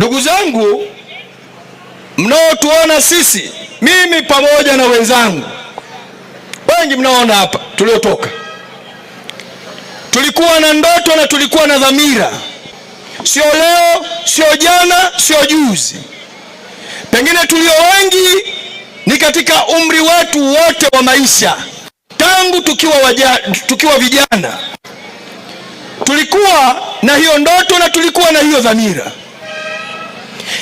Ndugu zangu mnaotuona sisi, mimi pamoja na wenzangu wengi mnaona hapa tuliotoka, tulikuwa na ndoto na tulikuwa na dhamira, sio leo, sio jana, sio juzi. Pengine tulio wengi ni katika umri wetu wote wa maisha, tangu tukiwa, waja, tukiwa vijana tulikuwa na hiyo ndoto na tulikuwa na hiyo dhamira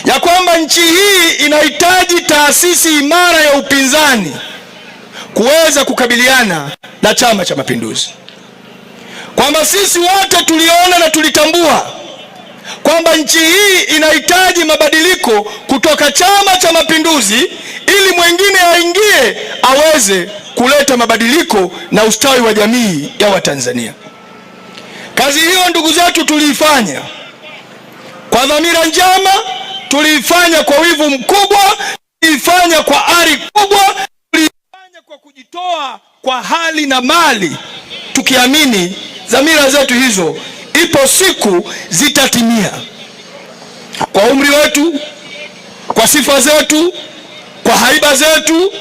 ya kwamba nchi hii inahitaji taasisi imara ya upinzani kuweza kukabiliana na Chama cha Mapinduzi, kwamba sisi wote tuliona na tulitambua kwamba nchi hii inahitaji mabadiliko kutoka Chama cha Mapinduzi ili mwengine aingie aweze kuleta mabadiliko na ustawi wa jamii ya Watanzania. Kazi hiyo ndugu zetu tuliifanya kwa dhamira njema Tuliifanya kwa wivu mkubwa, tuliifanya kwa ari kubwa, tuliifanya kwa kujitoa kwa hali na mali, tukiamini dhamira zetu hizo ipo siku zitatimia. Kwa umri wetu, kwa sifa zetu, kwa haiba zetu,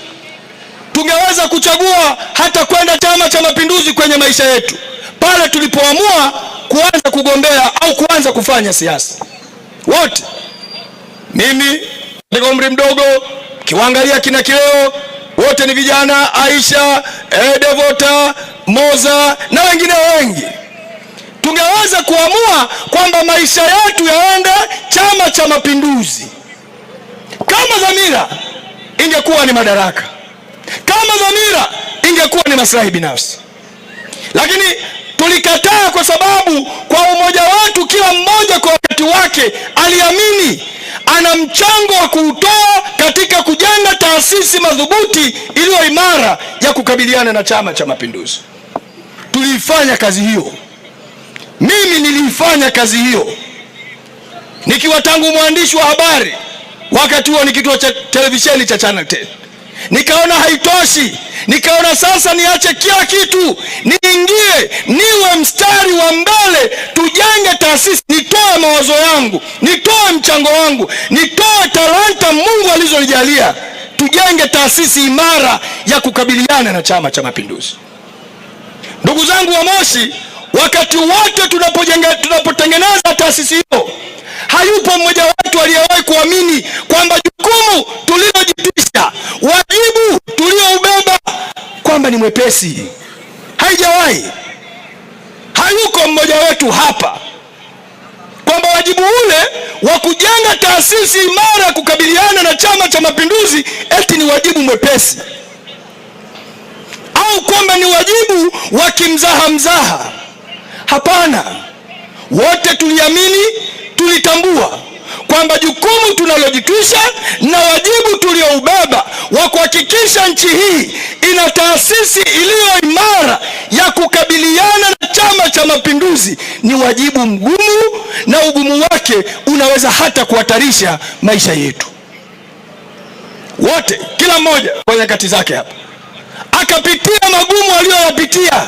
tungeweza kuchagua hata kwenda Chama cha Mapinduzi kwenye maisha yetu, pale tulipoamua kuanza kugombea au kuanza kufanya siasa wote mimi katika umri mdogo, kiwaangalia kina kileo wote ni vijana, Aisha eh, Devota Moza na wengine wengi. Tungeweza kuamua kwamba maisha yetu yaende Chama cha Mapinduzi kama dhamira ingekuwa ni madaraka, kama dhamira ingekuwa ni maslahi binafsi, lakini tulikataa kwa sababu kwa umoja wetu, kila mmoja kwa wakati wake aliamini ana mchango wa kuutoa katika kujenga taasisi madhubuti iliyo imara ya kukabiliana na Chama cha Mapinduzi. Tuliifanya kazi hiyo, mimi niliifanya kazi hiyo nikiwa tangu mwandishi wa habari, wakati huo ni kituo cha televisheni cha Channel 10 nikaona haitoshi, nikaona sasa niache kila kitu, niingie niwe mstari wa mbele, tujenge taasisi, nitoe mawazo yangu, nitoe mchango wangu, nitoe talanta Mungu alizonijalia, tujenge taasisi imara ya kukabiliana na Chama cha Mapinduzi. Ndugu zangu wa Moshi, wakati wote tunapotengeneza taasisi hiyo, hayupo mmoja wetu aliyewahi kuamini mwepesi, haijawahi. Hayuko mmoja wetu hapa kwamba wajibu ule wa kujenga taasisi imara ya kukabiliana na Chama cha Mapinduzi eti ni wajibu mwepesi au kwamba ni wajibu wa mzaha. Hapana, wote tuliamini, tulitambua kwamba jukumu tunalojitwisha na wajibu tulioubeba wa kuhakikisha nchi hii ina taasisi iliyo imara ya kukabiliana na Chama cha Mapinduzi ni wajibu mgumu, na ugumu wake unaweza hata kuhatarisha maisha yetu wote, kila mmoja kwa nyakati zake hapa akapitia magumu aliyoyapitia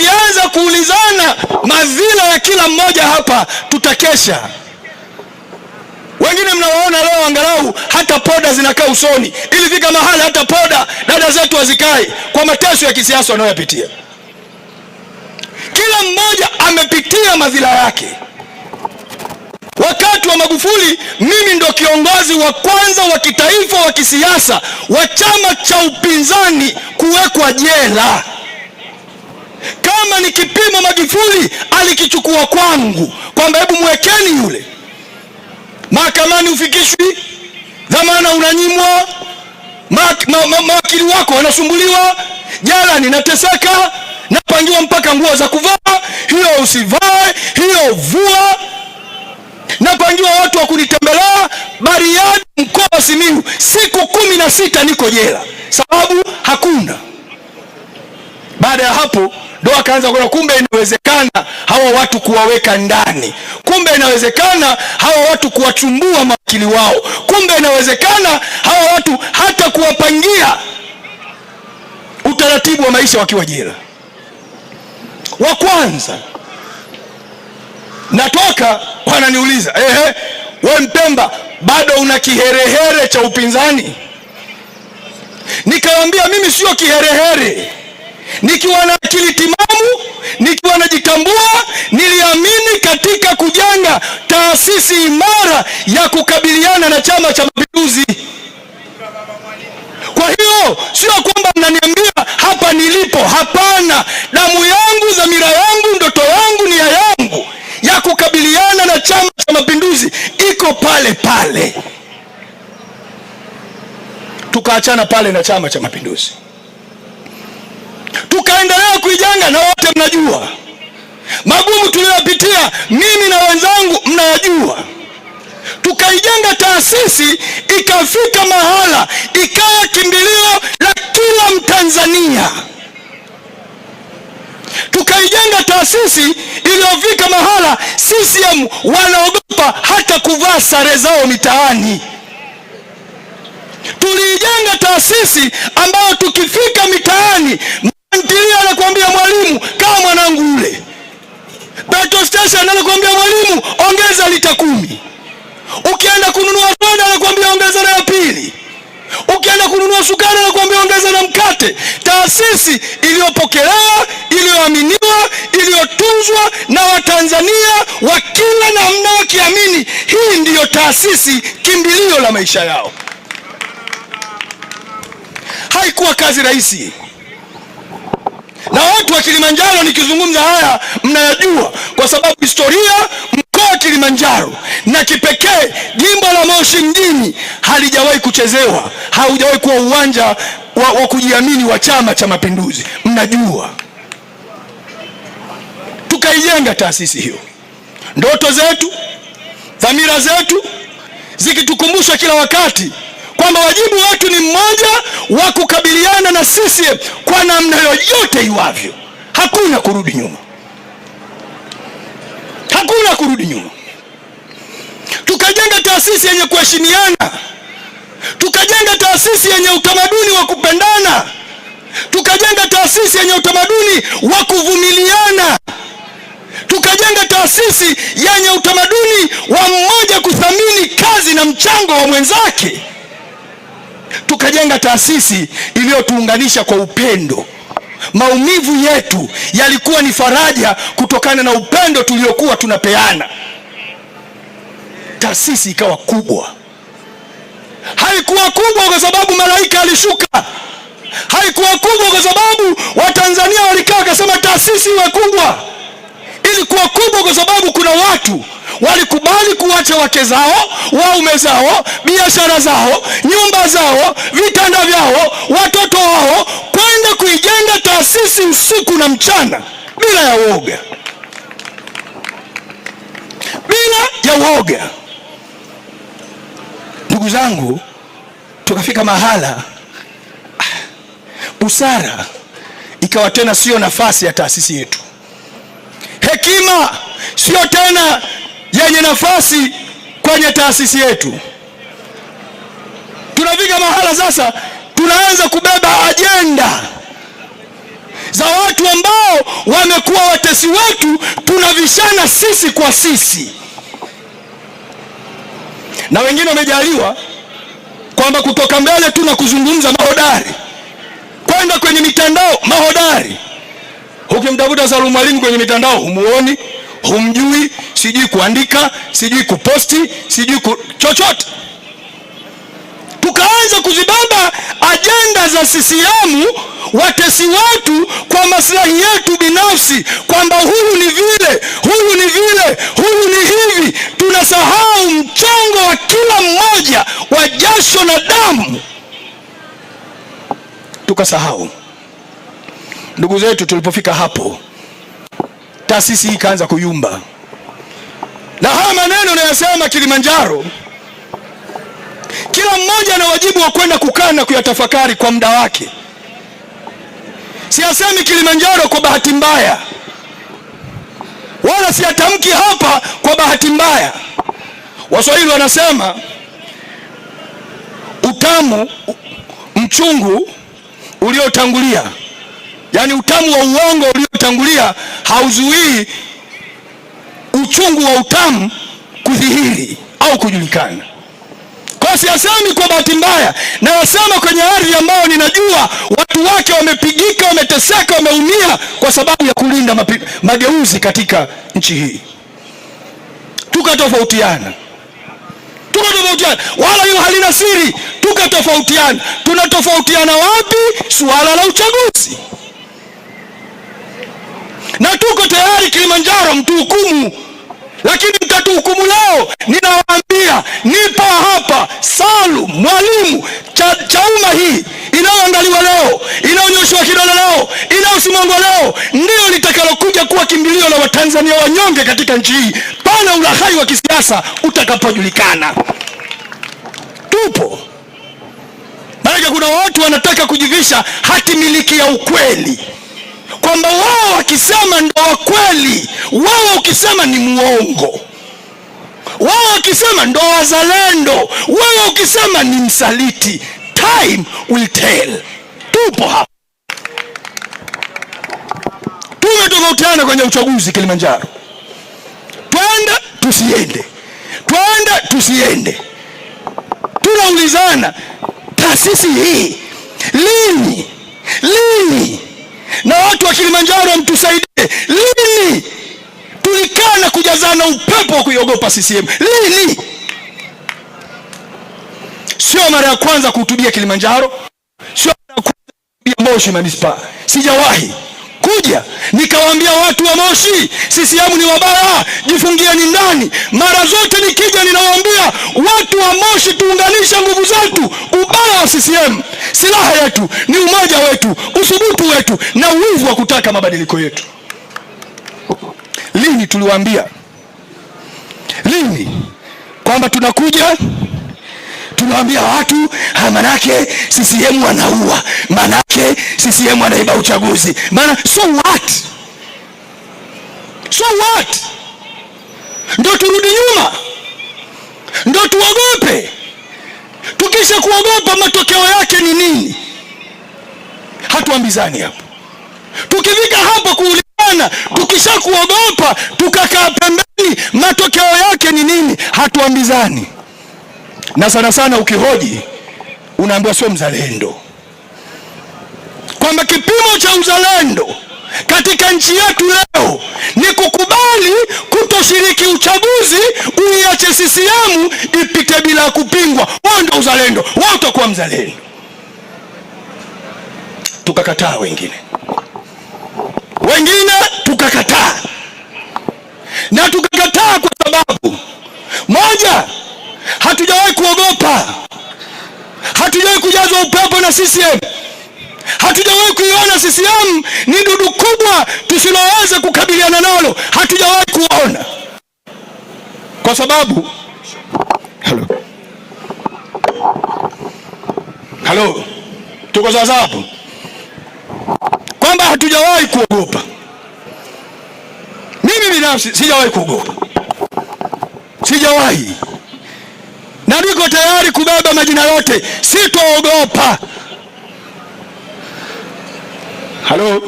tukianza kuulizana madhila ya kila mmoja hapa tutakesha. Wengine mnawaona leo angalau hata poda zinakaa usoni. Ilifika mahali hata poda dada zetu hazikae kwa mateso ya kisiasa wanayopitia. Kila mmoja amepitia madhila yake. Wakati wa Magufuli mimi ndo kiongozi wa kwanza wa kitaifa wa kisiasa wa chama cha upinzani kuwekwa jela. Kama ni kipimo Magufuli alikichukua kwangu kwamba hebu mwekeni yule mahakamani, ufikishwi dhamana, unanyimwa mawakili ma, ma, wako wanasumbuliwa, jela ninateseka, napangiwa mpaka nguo za kuvaa, hiyo usivae, hiyo vua, napangiwa watu wa kunitembelea Bariadi, mkoa wa Simiyu, siku kumi na sita niko jela, sababu hakuna. Baada ya hapo ndo akaanza kuona kumbe inawezekana hawa watu kuwaweka ndani, kumbe inawezekana hawa watu kuwachumbua mawakili wao, kumbe inawezekana hawa watu hata kuwapangia utaratibu wa maisha wakiwa jela. Wa kwanza natoka, wananiuliza ehe, we Mpemba, bado una kiherehere cha upinzani? Nikawambia mimi sio kiherehere nikiwa na akili timamu, nikiwa najitambua, niliamini katika kujenga taasisi imara ya kukabiliana na Chama cha Mapinduzi. Kwa hiyo sio kwamba mnaniambia hapa nilipo, hapana. Damu yangu, dhamira yangu, ndoto yangu, nia yangu ya kukabiliana na Chama cha Mapinduzi iko pale pale. Tukaachana pale na Chama cha Mapinduzi. na wote mnajua magumu tuliyopitia mimi na wenzangu mnayajua. Tukaijenga taasisi ikafika mahala ikawa kimbilio la kila Mtanzania. Tukaijenga taasisi iliyofika mahala CCM wanaogopa hata kuvaa sare zao mitaani. Tuliijenga taasisi ambayo tukifika mitaani Ntilia anakuambia mwalimu, kama mwanangu yule. Petrol station anakuambia mwalimu, ongeza lita kumi. Ukienda kununua soda anakuambia ongeza na ya pili. Ukienda kununua sukari anakuambia ongeza na mkate. Taasisi iliyopokelewa, iliyoaminiwa, iliyotunzwa na Watanzania wa kila namna wakiamini, hii ndiyo taasisi kimbilio la maisha yao. Haikuwa kazi rahisi na watu wa Kilimanjaro, nikizungumza haya mnayajua kwa sababu historia mkoa wa Kilimanjaro na kipekee jimbo la Moshi mjini halijawahi kuchezewa, haujawahi kuwa uwanja wa, wa kujiamini wa Chama cha Mapinduzi. Mnajua tukaijenga taasisi hiyo, ndoto zetu, dhamira zetu zikitukumbushwa kila wakati kwamba wajibu wetu ni mmoja wa kukabiliana na CCM kwa namna yoyote iwavyo. Hakuna kurudi nyuma, hakuna kurudi nyuma. Tukajenga taasisi yenye kuheshimiana, tukajenga taasisi yenye utamaduni wa kupendana, tukajenga taasisi yenye utamaduni wa kuvumiliana, tukajenga taasisi yenye utamaduni wa mmoja kuthamini kazi na mchango wa mwenzake tukajenga taasisi iliyotuunganisha kwa upendo. Maumivu yetu yalikuwa ni faraja kutokana na upendo tuliokuwa tunapeana. Taasisi ikawa kubwa. Haikuwa kubwa kwa sababu malaika alishuka. Haikuwa kubwa kwa sababu Watanzania walikaa wakasema taasisi iwe kubwa ilikuwa kubwa kwa sababu kuna watu walikubali kuacha wake zao, waume zao, biashara zao, nyumba zao, vitanda vyao, watoto wao, kwenda kuijenga taasisi usiku na mchana bila ya uoga, bila ya uoga. Ndugu zangu, tukafika mahala busara ikawa tena siyo nafasi ya taasisi yetu hekima siyo tena yenye nafasi kwenye taasisi yetu. Tunafika mahala sasa tunaanza kubeba ajenda za watu ambao wamekuwa watesi wetu, tunavishana sisi kwa sisi, na wengine wamejaliwa kwamba kutoka mbele tu na kuzungumza mahodari, kwenda kwenye mitandao mahodari. Ukimtafuta Salum Mwalimu kwenye mitandao humuoni, humjui, sijui kuandika, sijui kuposti, sijui ku... chochote. Tukaanza kuzibamba ajenda za CCM watesi wetu kwa maslahi yetu binafsi, kwamba huyu ni vile, huyu ni vile, huyu ni hivi. Tunasahau mchango wa kila mmoja wa jasho na damu, tukasahau Ndugu zetu, tulipofika hapo, taasisi hii ikaanza kuyumba, na haya maneno nayasema Kilimanjaro, kila mmoja ana wajibu wa kwenda kukaa na kuyatafakari kwa muda wake. Siyasemi Kilimanjaro kwa bahati mbaya, wala siyatamki hapa kwa bahati mbaya. Waswahili wanasema utamu mchungu uliotangulia Yaani utamu wa uongo uliotangulia hauzuii uchungu wa utamu kudhihiri au kujulikana. Kwa siyasemi kwa bahati mbaya, nayasema kwenye ardhi ambayo ninajua watu wake wamepigika, wameteseka, wameumia kwa sababu ya kulinda mapi, mageuzi katika nchi hii. Tukatofautiana, tukatofautiana, wala hiyo halina siri. Tukatofautiana, tunatofautiana wapi? Suala la uchaguzi na tuko tayari Kilimanjaro mtuhukumu, lakini mtatuhukumu leo. Ninawaambia, nipo hapa Salu Mwalimu cha, Chauma hii inayoangaliwa leo, inayonyoshwa kidole leo, inayosimangwa leo, ndiyo litakalokuja kuwa kimbilio la Watanzania wanyonge katika nchi hii pana ulahai wa kisiasa utakapojulikana. Tupo maanake, kuna watu wanataka kujivisha hati miliki ya ukweli kwamba wao wakisema ndo wa kweli, wao ukisema ni muongo, wao wakisema ndo wazalendo, wao ukisema ni msaliti. Time will tell. Tupo hapa, tumetofautiana kwenye uchaguzi Kilimanjaro, twenda tusiende, twenda tusiende, tunaulizana taasisi hii lini lini na watu wa Kilimanjaro mtusaidie. Lini tulikaa na kujazana upepo wa kuiogopa CCM? Lini? Sio mara ya kwanza kuhutubia Kilimanjaro, sio mara ya kwanza kuhutubia Moshi manispa sijawahi kuja nikawaambia watu wa Moshi CCM ni wabaya, jifungieni ndani. Mara zote nikija ninawaambia watu wa Moshi, tuunganishe nguvu zetu, ubaya wa CCM Silaha yetu ni umoja wetu, uthubutu wetu na uwivu wa kutaka mabadiliko yetu. Lini tuliwaambia? Lini kwamba tunakuja tunawaambia watu manake CCM wanaua, manake CCM wanaiba uchaguzi, maana so what? So what? Ndo turudi nyuma? Ndo tuogope? Tukisha kuogopa matokeo yake ni nini? Hatuambizani hapo. Tukifika hapo kuulizana, tukisha kuogopa tukakaa pembeni, matokeo yake ni nini? Hatuambizani. Na sana sana ukihoji unaambiwa sio mzalendo, kwamba kipimo cha uzalendo katika nchi yetu leo ni kukubali kutoshiriki uchaguzi, uiache CCM ipite bila kupingwa. Wao ndio uzalendo, wao utakuwa mzalendo. Tukakataa wengine, wengine tukakataa, na tukakataa kwa sababu moja, hatujawahi kuogopa, hatujawahi kujazwa upepo na CCM. Hatujawahi kuiona CCM, ni dudu kubwa tusiloweza kukabiliana nalo, hatujawahi kuona kwa sababu Hello. Hello. tuko sawa hapo kwamba hatujawahi kuogopa. Mimi binafsi sijawahi kuogopa, sijawahi na niko tayari kubeba majina yote, sitoogopa. Halo,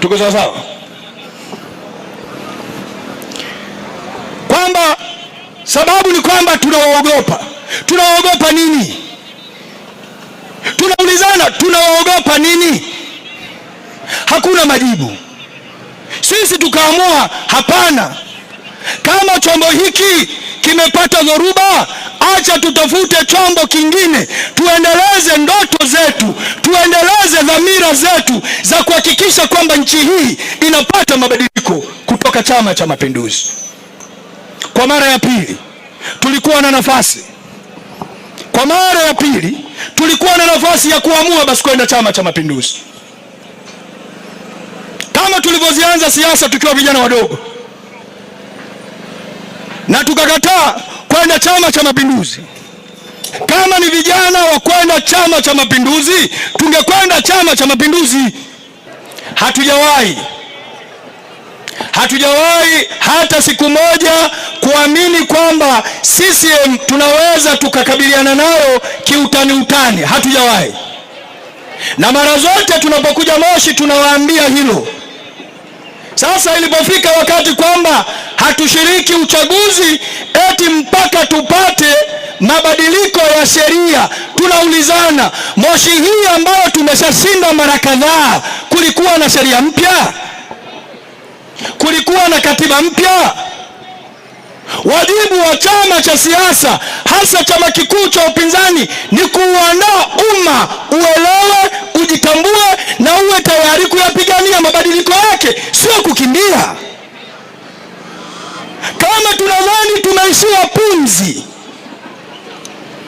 tuko sawa sawa, kwamba sababu ni kwamba tunawaogopa. Tunawaogopa nini? Tunaulizana, tunawaogopa nini? Hakuna majibu. Sisi tukaamua hapana, kama chombo hiki kimepata dhoruba Acha tutafute chombo kingine, tuendeleze ndoto zetu, tuendeleze dhamira zetu za kuhakikisha kwamba nchi hii inapata mabadiliko kutoka Chama cha Mapinduzi. Kwa mara ya pili tulikuwa na nafasi, kwa mara ya pili tulikuwa na nafasi ya kuamua basi kwenda Chama cha Mapinduzi kama tulivyozianza siasa tukiwa vijana wadogo na tukakataa kwenda Chama cha Mapinduzi. Kama ni vijana wa kwenda Chama cha Mapinduzi, tungekwenda Chama cha Mapinduzi. Hatujawahi, hatujawahi hata siku moja kuamini kwamba CCM tunaweza tukakabiliana nayo kiutani utani, hatujawahi. Na mara zote tunapokuja Moshi tunawaambia hilo. Sasa ilipofika wakati kwamba hatushiriki uchaguzi eti mpaka tupate mabadiliko ya sheria, tunaulizana Moshi hii ambayo tumeshashinda mara kadhaa, kulikuwa na sheria mpya? Kulikuwa na katiba mpya? Wajibu wa chama cha siasa, hasa chama kikuu cha upinzani, ni kuuandaa umma uelewe, ujitambue na uwe tayari kuyapigania mabadiliko yake, sio kukimbia. Kama tunadhani tumeishiwa pumzi,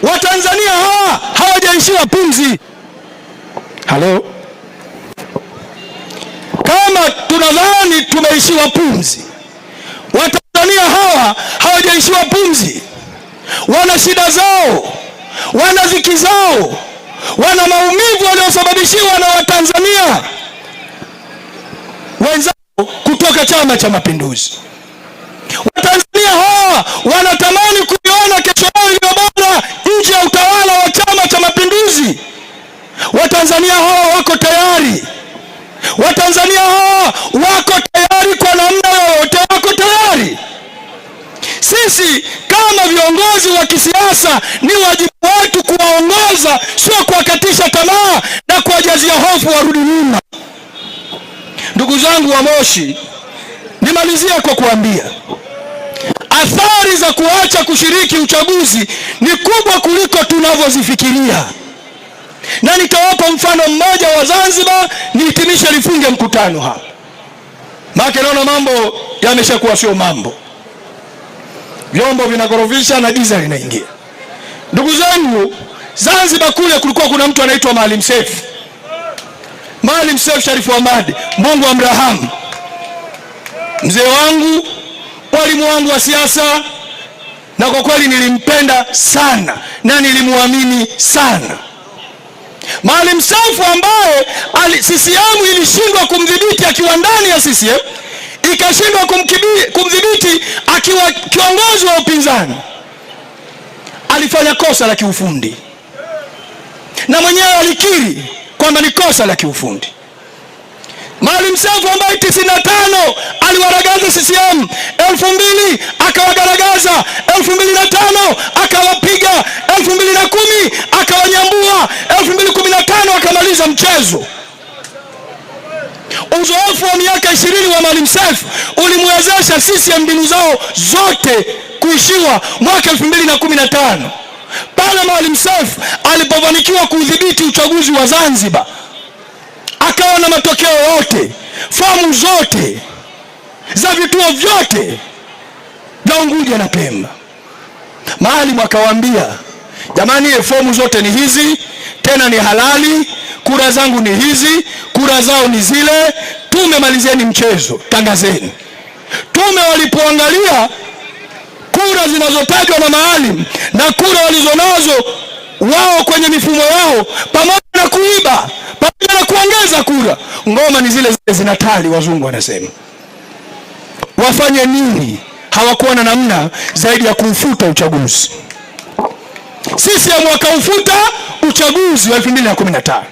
Watanzania hawa hawajaishiwa pumzi. Halo, kama tunadhani tumeishiwa pumzi, Watanzania hawa hawajaishiwa pumzi. Wana shida zao, wana dhiki zao wana maumivu waliosababishiwa na Watanzania wenzao kutoka Chama cha Mapinduzi. Watanzania hawa wanatamani kuiona kesho yao iliyo bora nje ya utawala wa Chama cha Mapinduzi. Watanzania hawa wako tayari, Watanzania hawa wako tayari kwa namna yoyote, wako tayari. Sisi kama viongozi wa kisiasa ni wajibu yetu kuwaongoza, sio kuwakatisha tamaa na kuwajazia hofu warudi nyuma. Ndugu zangu wa Moshi, nimalizie kwa kuambia athari za kuacha kushiriki uchaguzi ni kubwa kuliko tunavyozifikiria, na nitawapa mfano mmoja wa Zanzibar, nihitimishe lifunge mkutano hapa, maana naona mambo yameshakuwa sio mambo, vyombo vinakorofisha na diesel inaingia Ndugu zangu, Zanzibar kule kulikuwa kuna mtu anaitwa Maalim Seif, Maalim Seif Sharifu Hamad, Mungu amrahamu, mzee wangu, mwalimu wangu wa siasa, na kwa kweli nilimpenda sana na nilimwamini sana Maalim Seif ambaye CCM ilishindwa kumdhibiti akiwa ndani ya CCM, ikashindwa kumdhibiti akiwa kiongozi wa upinzani alifanya kosa la kiufundi na mwenyewe alikiri kwamba ni kosa la kiufundi. Maalim Seif ambaye 95 aliwaragaza CCM, 2000 akawagaragaza, 2005 akawapiga, 2010 akawanyambua, 2015 akamaliza mchezo. Uzoefu wa miaka ishirini wa Mwalimu Seif ulimwezesha CCM mbinu zao zote kuishiwa mwaka elfu mbili na na kumi tano pale Mwalimu Seif alipofanikiwa kudhibiti uchaguzi wa Zanzibar, akawa na matokeo yote, fomu zote za vituo vyote vya Unguja na Pemba. Maalim akawaambia, jamani, fomu zote ni hizi tena ni halali. Kura zangu ni hizi, kura zao ni zile. Tume, malizeni mchezo, tangazeni. Tume walipoangalia kura zinazotajwa na Maalim na kura walizonazo wao kwenye mifumo yao, pamoja na kuiba, pamoja na kuongeza kura, ngoma ni zile zile zinatali, wazungu wanasema. Wafanye nini? Hawakuwa na namna zaidi ya kuufuta uchaguzi mwaka ufuta uchaguzi wa 2015.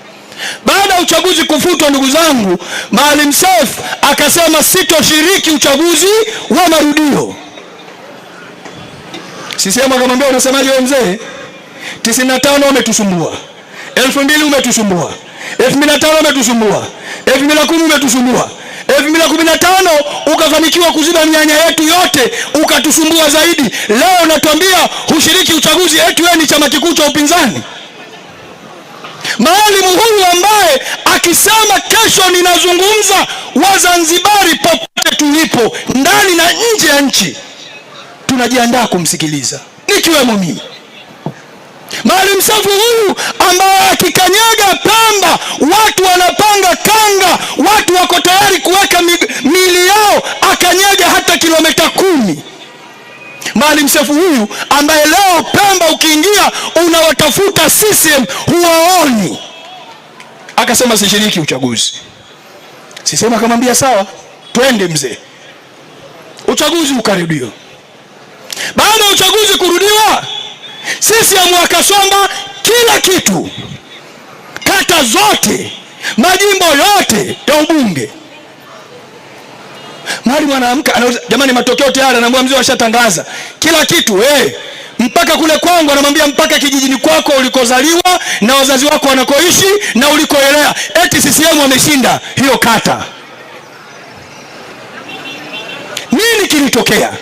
Baada ya uchaguzi kufutwa, ndugu zangu, Maalim Seif akasema sitoshiriki uchaguzi wa marudio. CCM akamwambia unasemaje wewe mzee? 95 umetusumbua, 2000 umetusumbua, 2005 umetusumbua, 2010 umetusumbua elfu mbili na kumi na tano ukafanikiwa kuziba mianya yetu yote, ukatusumbua zaidi. Leo natuambia hushiriki uchaguzi, eti wewe ni chama kikuu cha upinzani. maalimu huyu ambaye akisema kesho ninazungumza, Wazanzibari popote tulipo, ndani na nje ya nchi, tunajiandaa kumsikiliza, nikiwemo mimi. Maalim Seif huyu ambaye akikanyaga Pemba watu wanapanga kanga, watu wako tayari kuweka mili yao akanyaga hata kilomita kumi. Maalim Seif huyu ambaye leo Pemba ukiingia unawatafuta CCM huwaoni, akasema sishiriki uchaguzi. Sisema akamwambia sawa, twende mzee. Uchaguzi ukarudiwa. Baada ya uchaguzi kurudi sisi amwakasomba kila kitu, kata zote, majimbo yote ya ubunge. Mwalimu anaamka, jamani, matokeo tayari, Anamwambia mzee, washatangaza kila kitu eh, Mpaka kule kwangu, anamwambia mpaka kijijini kwako ulikozaliwa na wazazi wako wanakoishi na ulikoelea, eti CCM ameshinda hiyo kata. Nini kilitokea?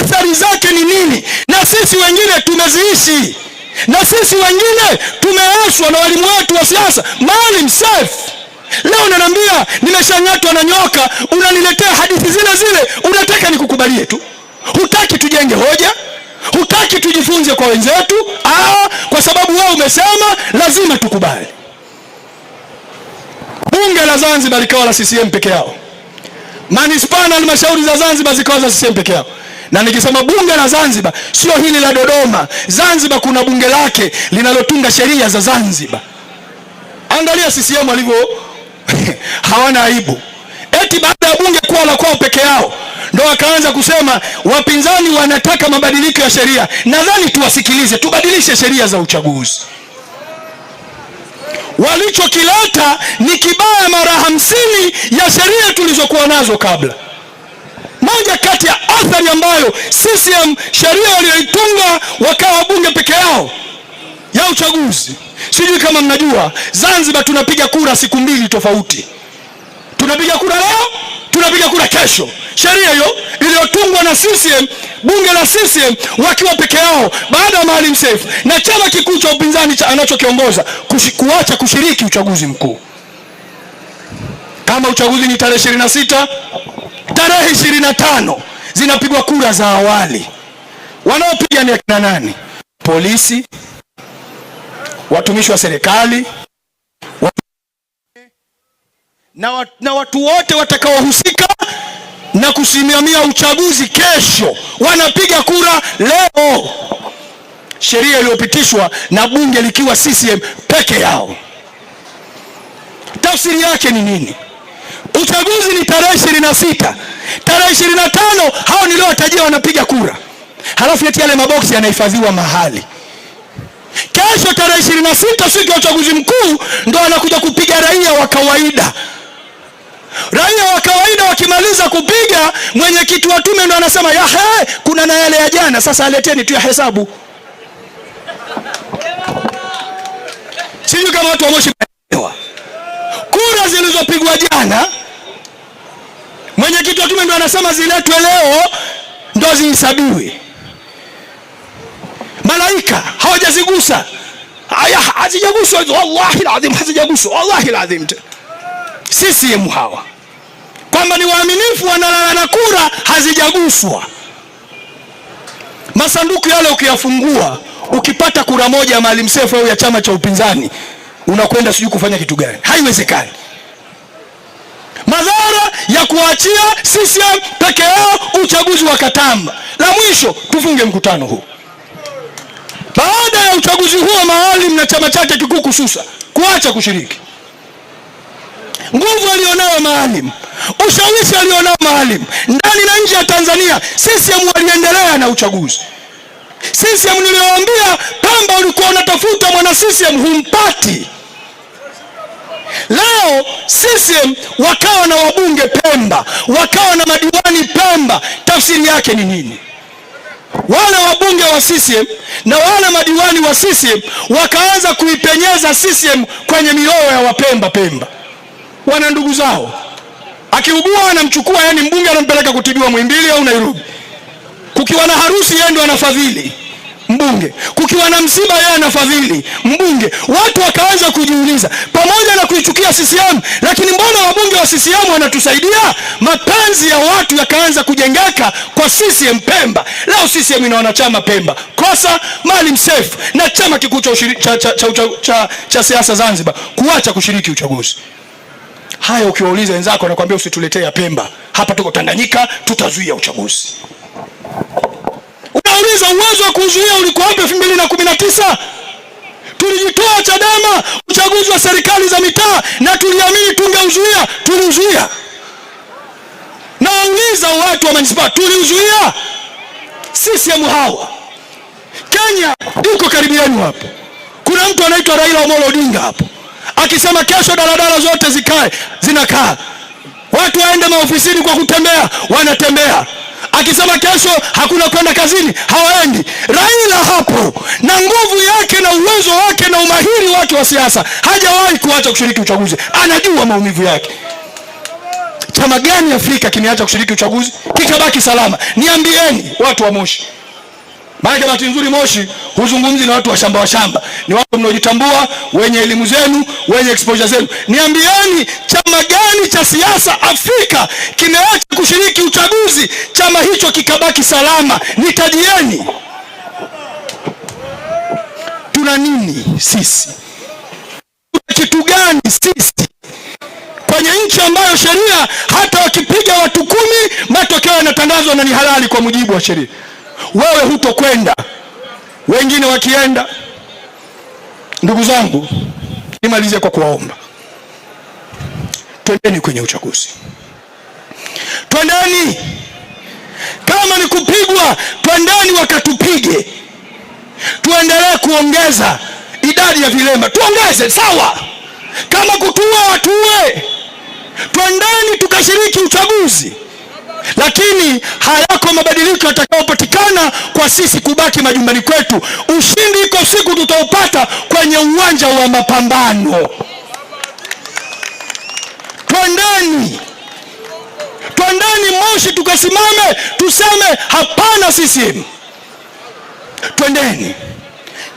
athari zake ni nini, na sisi wengine tumeziishi, na sisi wengine tumeaswa na walimu wetu wa siasa. Maalim Seif leo nanaambia nimeshang'atwa na nyoka, unaniletea hadithi zile zile, unataka nikukubalie tu, hutaki tujenge hoja hutaki tujifunze kwa wenzetu. Aa, kwa sababu wewe umesema lazima tukubali. Bunge la Zanzibar likawa la CCM peke yao, manispaa na halmashauri za Zanzibar zikawa za CCM peke yao na nikisema bunge la Zanzibar sio hili la Dodoma. Zanzibar kuna bunge lake linalotunga sheria za Zanzibar. Angalia CCM alivyo hawana aibu. Eti baada ya bunge kuwa la kwao peke yao ndo akaanza kusema wapinzani wanataka mabadiliko ya sheria. Nadhani tuwasikilize, tubadilishe sheria za uchaguzi. Walichokileta ni kibaya mara hamsini ya sheria tulizokuwa nazo kabla. Moja kati ya athari ambayo CCM sheria walioitunga wakawa wabunge peke yao ya uchaguzi, sijui kama mnajua, Zanzibar tunapiga kura siku mbili tofauti. Tunapiga kura leo, tunapiga kura kesho. Sheria hiyo iliyotungwa na CCM, bunge la CCM wakiwa peke yao, baada ya Maalim Seif na chama kikuu cha upinzani cha anachokiongoza kuacha kushiriki uchaguzi mkuu. Kama uchaguzi ni tarehe 26 tarehe 25 na tano zinapigwa kura za awali. Wanaopiga ni akina nani? Polisi, watumishi wa serikali na, na watu wote watakaohusika na kusimamia uchaguzi kesho, wanapiga kura leo. Sheria iliyopitishwa na bunge likiwa CCM peke yao, tafsiri yake ni nini? Uchaguzi ni tarehe ishirini na sita tarehe ishirini na tano hao niliowatajia wanapiga kura, halafu eti yale maboksi yanahifadhiwa mahali. Kesho tarehe ishirini na sita siku ya uchaguzi mkuu ndo wanakuja kupiga raia wa kawaida. Raia wa kawaida wakimaliza kupiga, mwenyekiti wa tume ndo anasema yahe, kuna na yale ya jana, sasa aleteni tu ya hesabu. Sijui kama watu wa Moshi kura zilizopigwa jana Mwenyekiti wa tume ndo anasema ziletwe leo ndo zihesabiwe. Malaika hawajazigusa, aya hazijaguswa wallahi alazim hazijaguswa, wallahi alazim. CCM hawa kwamba ni waaminifu, wanalala na kura hazijaguswa. Masanduku yale ukiyafungua ukipata kura moja ya Maalim Seif au ya chama cha upinzani unakwenda sijui kufanya kitu gani? Haiwezekani madhara ya kuachia CCM peke yao uchaguzi wa Katamba. La mwisho, tufunge mkutano huu. Baada ya uchaguzi huo maalum na chama chake kikuu kususa kuacha kushiriki, nguvu alionao maalum, ushawishi alionao maalum ndani na nje ya Tanzania, CCM waliendelea na uchaguzi. CCM niliwaambia, Pamba ulikuwa unatafuta mwana CCM humpati Leo CCM wakawa na wabunge Pemba, wakawa na madiwani Pemba, tafsiri yake ni nini? Wale wabunge wa CCM na wale madiwani wa CCM wakaanza kuipenyeza CCM kwenye mioyo ya wapemba Pemba, wana ndugu zao, akiugua anamchukua yani mbunge anampeleka kutibiwa Mwimbili au Nairobi, kukiwa na harusi yeye ndo anafadhili mbunge, kukiwa na msiba yeye anafadhili mbunge. Watu wakaanza kujiuliza, pamoja na kuichukia CCM, lakini mbona wabunge wa CCM wanatusaidia? Mapenzi ya watu yakaanza kujengeka kwa CCM Pemba. Leo CCM ina wanachama Pemba, kosa Maalim Seif na chama kikuu cha, cha, cha, cha, cha, cha siasa Zanzibar kuacha kushiriki uchaguzi. Haya, ukiwauliza wenzako, anakuambia usituletee ya Pemba, hapa tuko Tanganyika, tutazuia uchaguzi. Unauliza, uwezo wa kuzuia ulikuwa wapi? elfu mbili na kumi na tisa tulijitoa Chadema uchaguzi wa serikali za mitaa, na tuliamini tungeuzuia. Tuliuzuia. Nauliza watu wa manispaa, tuliuzuia? CCM hawa. Kenya iko karibu yenu hapo, kuna mtu anaitwa Raila Omolo Odinga hapo akisema kesho daladala zote zikae, zinakaa, watu waende maofisini kwa kutembea, wanatembea akisema kesho hakuna kwenda kazini, hawaendi. Raila hapo na nguvu yake na uwezo wake na umahiri wake wa siasa hajawahi kuacha kushiriki uchaguzi, anajua maumivu yake. Chama gani Afrika kimeacha kushiriki uchaguzi kikabaki salama? Niambieni watu wa Moshi. Maana bahati nzuri Moshi huzungumzi na watu wa shamba wa shamba, ni watu mnaojitambua, wenye elimu zenu, wenye exposure zenu. Niambieni, chama gani cha siasa Afrika kimeacha kushiriki uchaguzi, chama hicho kikabaki salama? Nitajieni, tuna nini sisi? Tuna kitu gani sisi kwenye nchi ambayo sheria hata wakipiga watu kumi matokeo yanatangazwa na ni halali kwa mujibu wa sheria? wewe hutokwenda, wengine wakienda. Ndugu zangu, nimalizie kwa kuwaomba, twendeni kwenye uchaguzi, twendeni. Kama ni kupigwa, twendeni wakatupige. Tuendelee kuongeza idadi ya vilema, tuongeze, sawa. Kama kutua, watuwe, Twendeni tukashiriki uchaguzi lakini hayako mabadiliko yatakayopatikana kwa sisi kubaki majumbani kwetu. Ushindi iko siku tutaupata kwenye uwanja wa mapambano. Twendeni, twendeni Moshi tukasimame, tuseme hapana CCM. Twendeni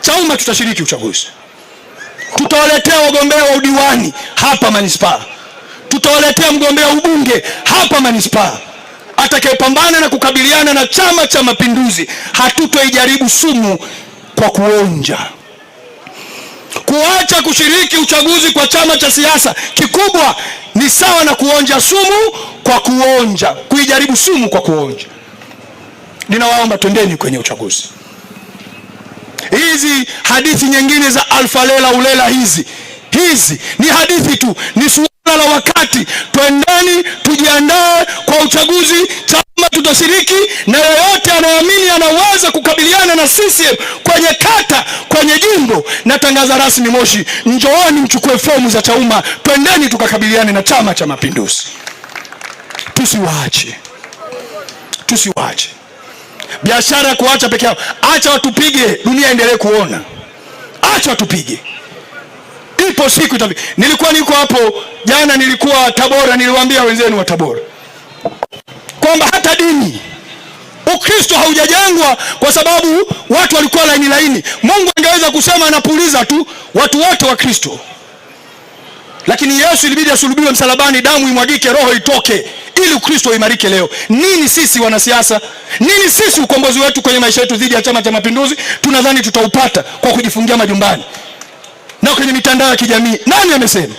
Chauma, tutashiriki uchaguzi, tutawaletea wagombea wa udiwani hapa manispaa, tutawaletea mgombea ubunge hapa manispaa atakayepambana na kukabiliana na Chama cha Mapinduzi, hatutoijaribu sumu kwa kuonja. Kuacha kushiriki uchaguzi kwa chama cha siasa kikubwa ni sawa na kuonja sumu kwa kuonja, kuijaribu sumu kwa kuonja. Ninawaomba twendeni kwenye uchaguzi. Hizi hadithi nyingine za alfalela ulela hizi hizi ni hadithi tu, ni la wakati, twendeni tujiandae kwa uchaguzi. Chama tutashiriki, na yeyote anayeamini anaweza kukabiliana na CCM kwenye kata, kwenye jimbo. Natangaza rasmi Moshi, njooni mchukue fomu za Chauma, twendeni tukakabiliane na Chama cha Mapinduzi. Tusiwaache, tusiwaache biashara ya kuacha peke yao. Acha watupige, dunia endelee kuona. Acha watupige. Ipo siku itafika. Nilikuwa niko hapo jana, nilikuwa Tabora, niliwaambia wenzenu wa Tabora kwamba hata dini Ukristo haujajengwa kwa sababu watu walikuwa laini laini. Mungu angeweza kusema anapuliza tu watu wote wa Kristo, lakini Yesu ilibidi asulubiwe msalabani, damu imwagike, roho itoke ili Ukristo uimarike. Leo nini sisi wanasiasa, nini sisi ukombozi wetu kwenye maisha yetu dhidi ya Chama cha Mapinduzi tunadhani tutaupata kwa kujifungia majumbani? na kwenye mitandao ya kijamii. Nani amesema?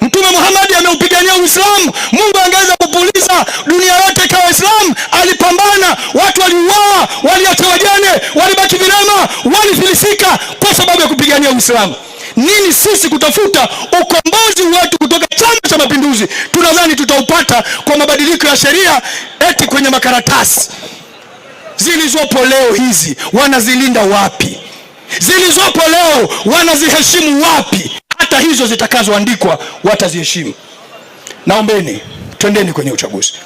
Mtume Muhammad ameupigania Uislamu. Mungu angeweza kupuliza dunia yote ka Islamu. Alipambana, watu waliuawa, waliacha wajane, walibaki vilema, walifilisika kwa sababu ya kupigania Uislamu. Nini sisi kutafuta ukombozi wetu kutoka Chama cha Mapinduzi tunadhani tutaupata kwa mabadiliko ya sheria eti kwenye makaratasi zilizopo leo hizi, wanazilinda wapi? zilizopo leo wanaziheshimu wapi? Hata hizo zitakazoandikwa wataziheshimu. Naombeni twendeni kwenye uchaguzi.